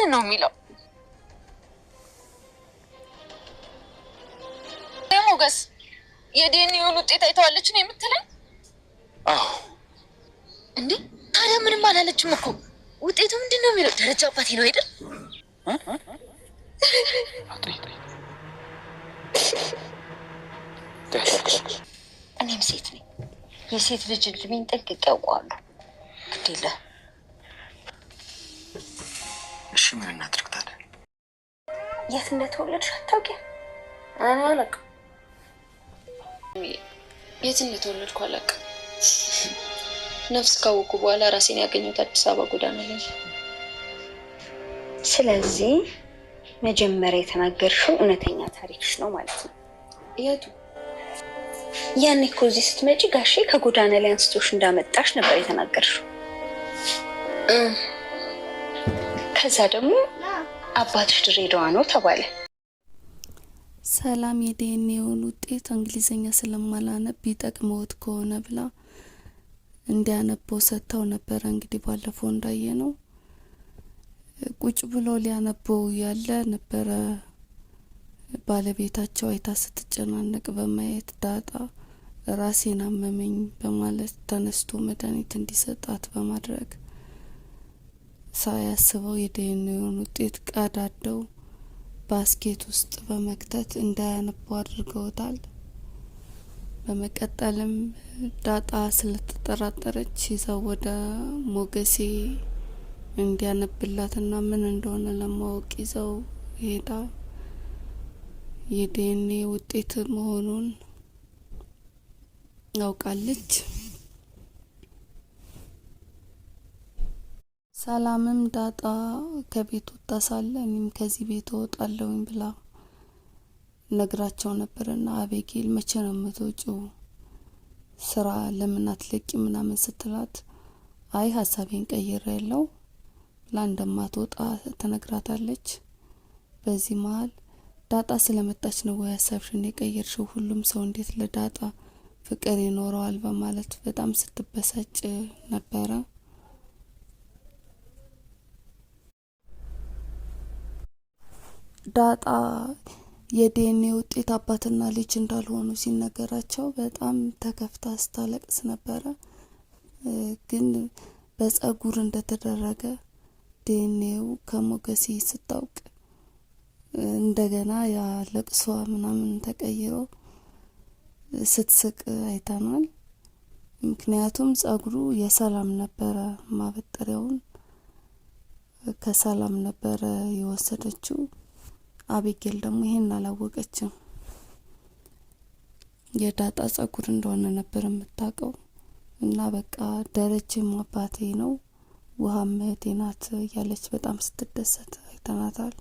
ምንድን ነው የሚለው? ሞገስ የዲኤንኤውን ውጤት አይተዋለች ነው የምትለኝ? እንዴ ታዲያ ምንም አላለችም እኮ ውጤቱ ምንድን ነው የሚለው? ደረጃ አባቴ ነው አይደል? እኔም ሴት ነኝ። የሴት ልጅ እድሜን ጠንቅቄ አውቀዋለሁ። ግዴለህ ምን እናድርግ ታዲያ? የት እንደተወለድሽ አታውቂም? እኔ አላውቅም። የት እንደተወለድኩ አላውቅም። ነፍስ ካወቁ በኋላ ራሴን ያገኘሁት አዲስ አበባ ጎዳና ላይ። ስለዚህ መጀመሪያ የተናገርሽው እውነተኛ ታሪክሽ ነው ማለት ነው። የቱ? ያኔ እኮ እዚህ ስትመጪ ጋሼ ከጎዳና ላይ አንስቶሽ እንዳመጣሽ ነበር የተናገርሽው። ከዛ ደግሞ አባትሽ ድሬዳዋ ነው ተባለ። ሰላም የዲኤንኤውን ውጤት እንግሊዝኛ ስለማላነብ ቢጠቅመውት ከሆነ ብላ እንዲያነበው ሰጥተው ነበረ። እንግዲህ ባለፈው እንዳየ ነው ቁጭ ብሎ ሊያነበው ያለ ነበረ። ባለቤታቸው አይታ ስትጨናነቅ በማየት ዳጣ ራሴን አመመኝ በማለት ተነስቶ መድኃኒት እንዲሰጣት በማድረግ ሳያስበው የዲኤንኤውን ውጤት ቀዳደው ባስኬት ውስጥ በመክተት እንዳያነቡ አድርገውታል። በመቀጠልም ዳጣ ስለተጠራጠረች ይዘው ወደ ሞገሴ እንዲያነብላትና ምን እንደሆነ ለማወቅ ይዘው ሄዳ የዲኤንኤ ውጤት መሆኑን አውቃለች። ሰላምም ዳጣ ከቤት ወጣ ሳለ እኔም ከዚህ ቤት እወጣለሁኝ ብላ ነግራቸው ነበርና አቤጌል መቼ ነው የምትወጪው? ስራ ለምን አትለቂ ምናምን ስትላት አይ ሀሳቤን ቀይሬ ያለው ብላ እንደማትወጣ ትነግራታለች። በዚህ መሀል ዳጣ ስለመጣች ነው ወይ ሀሳብሽን የቀየርሽው? ሁሉም ሰው እንዴት ለዳጣ ፍቅር ይኖረዋል? በማለት በጣም ስትበሳጭ ነበረ። ዳጣ የዲኤንኤ ውጤት አባትና ልጅ እንዳልሆኑ ሲነገራቸው በጣም ተከፍታ ስታለቅስ ነበረ። ግን በጸጉር እንደተደረገ ዲኤንኤው ከሞገሴ ስታውቅ እንደገና ያ ለቅሷ ምናምን ተቀይሮ ስትስቅ አይተናል። ምክንያቱም ጸጉሩ የሰላም ነበረ፣ ማበጠሪያውን ከሰላም ነበረ የወሰደችው። አቤጌል ደግሞ ይሄን አላወቀችም። የዳጣ ጸጉር እንደሆነ ነበር የምታውቀው እና በቃ ደረጀም አባቴ ነው ውሃ እህቴ ናት እያለች በጣም ስትደሰት አይተናታል።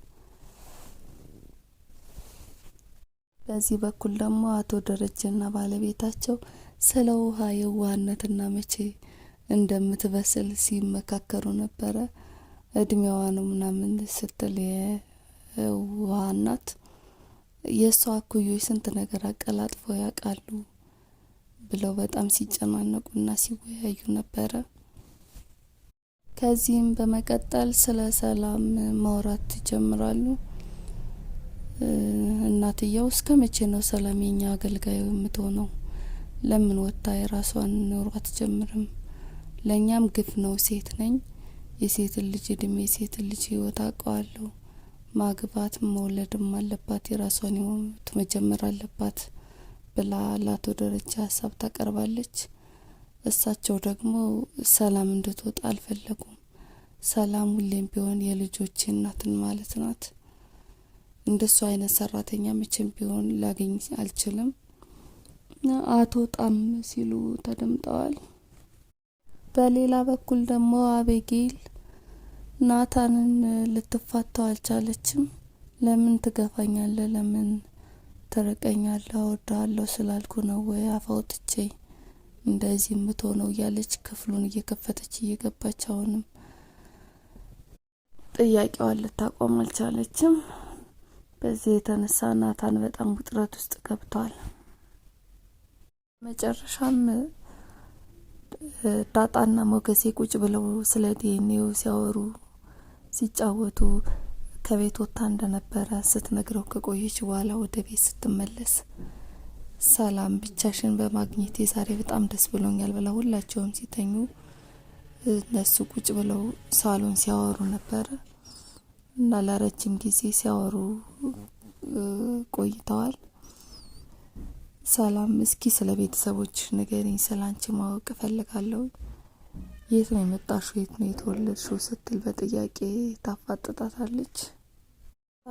በዚህ በኩል ደግሞ አቶ ደረጀና ባለቤታቸው ስለ ውሃ የዋህነትና መቼ እንደምትበስል ሲመካከሩ ነበረ። እድሜዋ ነው ምናምን ስትል ውሃ እናት የእሷ አኩዮች ስንት ነገር አቀላጥፈው ያውቃሉ ብለው በጣም ሲጨናነቁና ሲወያዩ ነበረ። ከዚህም በመቀጠል ስለ ሰላም ማውራት ይጀምራሉ። እናትየው እስከ መቼ ነው ሰላም የኛ አገልጋይ የምትሆነው? ለምን ወጥታ የራሷን ኑሮ አትጀምርም? ለእኛም ግፍ ነው። ሴት ነኝ፣ የሴትን ልጅ እድሜ፣ የሴትን ልጅ ህይወት አውቀዋለሁ። ማግባት መውለድም አለባት የራሷን ህይወት መጀመር አለባት ብላ ለአቶ ደረጃ ሀሳብ ታቀርባለች። እሳቸው ደግሞ ሰላም እንድትወጣ አልፈለጉም። ሰላም ሁሌም ቢሆን የልጆች እናትን ማለት ናት። እንደሱ አይነት ሰራተኛ መቼም ቢሆን ላገኝ አልችልም አቶ ጣም ሲሉ ተደምጠዋል። በሌላ በኩል ደግሞ አቤጌል ናታንን ልትፋታው አልቻለችም። ለምን ትገፋኛለ? ለምን ትርቀኛለህ? እወድሃለሁ ስላልኩ ነው ወይ አፋውጥቼ እንደዚህ የምትሆነው እያለች ክፍሉን እየከፈተች እየገባች አሁንም ጥያቄዋን ልታቆም አልቻለችም። በዚህ የተነሳ ናታን በጣም ውጥረት ውስጥ ገብቷል። መጨረሻም ዳጣና ሞገሴ ቁጭ ብለው ስለ ዲኤንኤው ሲያወሩ ሲጫወቱ ከቤት ወጥታ እንደነበረ ስትነግረው ከቆየች በኋላ ወደ ቤት ስትመለስ ሰላም ብቻሽን በማግኘት የዛሬ በጣም ደስ ብሎኛል ብላ ሁላቸውም ሲተኙ እነሱ ቁጭ ብለው ሳሎን ሲያወሩ ነበረ እና ለረጅም ጊዜ ሲያወሩ ቆይተዋል። ሰላም፣ እስኪ ስለ ቤተሰቦች ንገሪኝ፣ ስለ አንቺ ማወቅ እፈልጋለሁ የት ነው የመጣሽው? የት ነው የተወለድሽው? ስትል በጥያቄ ታፋጥጣታለች።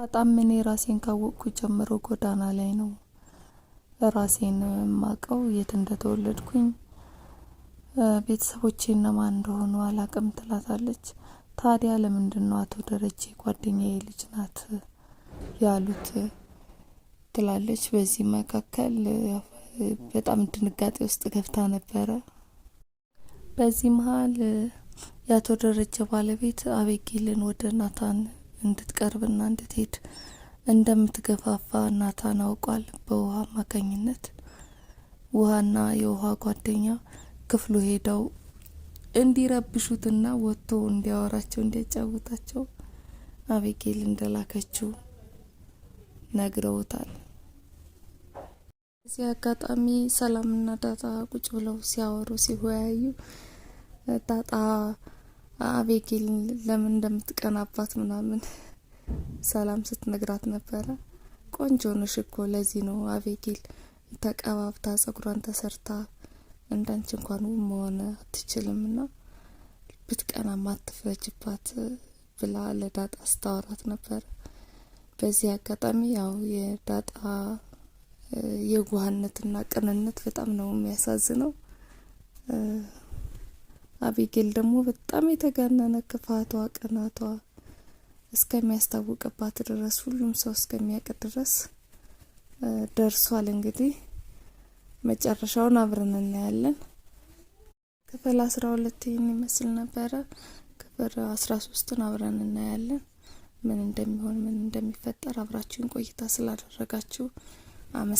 በጣም እኔ ራሴን ካወቅኩ ጀምሮ ጎዳና ላይ ነው ራሴን የማቀው። የት እንደተወለድኩኝ ቤተሰቦቼ እነማን እንደሆኑ አላቅም ትላታለች። ታዲያ ለምንድን ነው አቶ ደረጀ ጓደኛዬ ልጅ ናት ያሉት ትላለች። በዚህ መካከል በጣም ድንጋጤ ውስጥ ገብታ ነበረ። በዚህ መሀል የአቶ ደረጀ ባለቤት አቤጌልን ወደ ናታን እንድትቀርብና እንድትሄድ እንደምትገፋፋ ናታን አውቋል። በውሃ አማካኝነት ውሃና የውሃ ጓደኛ ክፍሉ ሄደው እንዲረብሹትና ወጥቶ እንዲያወራቸው እንዲያጫውታቸው አቤጌል እንደላከችው ነግረውታል። እዚህ አጋጣሚ ሰላምና ዳጣ ቁጭ ብለው ሲያወሩ ሲወያዩ ዳጣ አቤጌል ለምን እንደምትቀናባት ምናምን ሰላም ስትነግራት ነበረ። ቆንጆ ነሽ እኮ ለዚህ ነው አቤጌል ተቀባብታ ጸጉሯን ተሰርታ እንዳንቺ እንኳን መሆነ አትችልም ና ብትቀና ማትፈጅባት ብላ ለዳጣ ስታወራት ነበረ። በዚህ አጋጣሚ ያው የዳጣ የዋህነትና ቅንነት በጣም ነው የሚያሳዝነው። አቢጌል ደግሞ በጣም የተጋነነ ክፋቷ፣ ቅናቷ እስከሚያስታውቅባት ድረስ ሁሉም ሰው እስከሚያውቅ ድረስ ደርሷል። እንግዲህ መጨረሻውን አብረን እናያለን። ክፍል አስራ ሁለት ይህን ይመስል ነበረ። ክፍል አስራ ሶስትን አብረን እናያለን። ምን እንደሚሆን ምን እንደሚፈጠር አብራችሁን ቆይታ ስላደረጋችሁ a.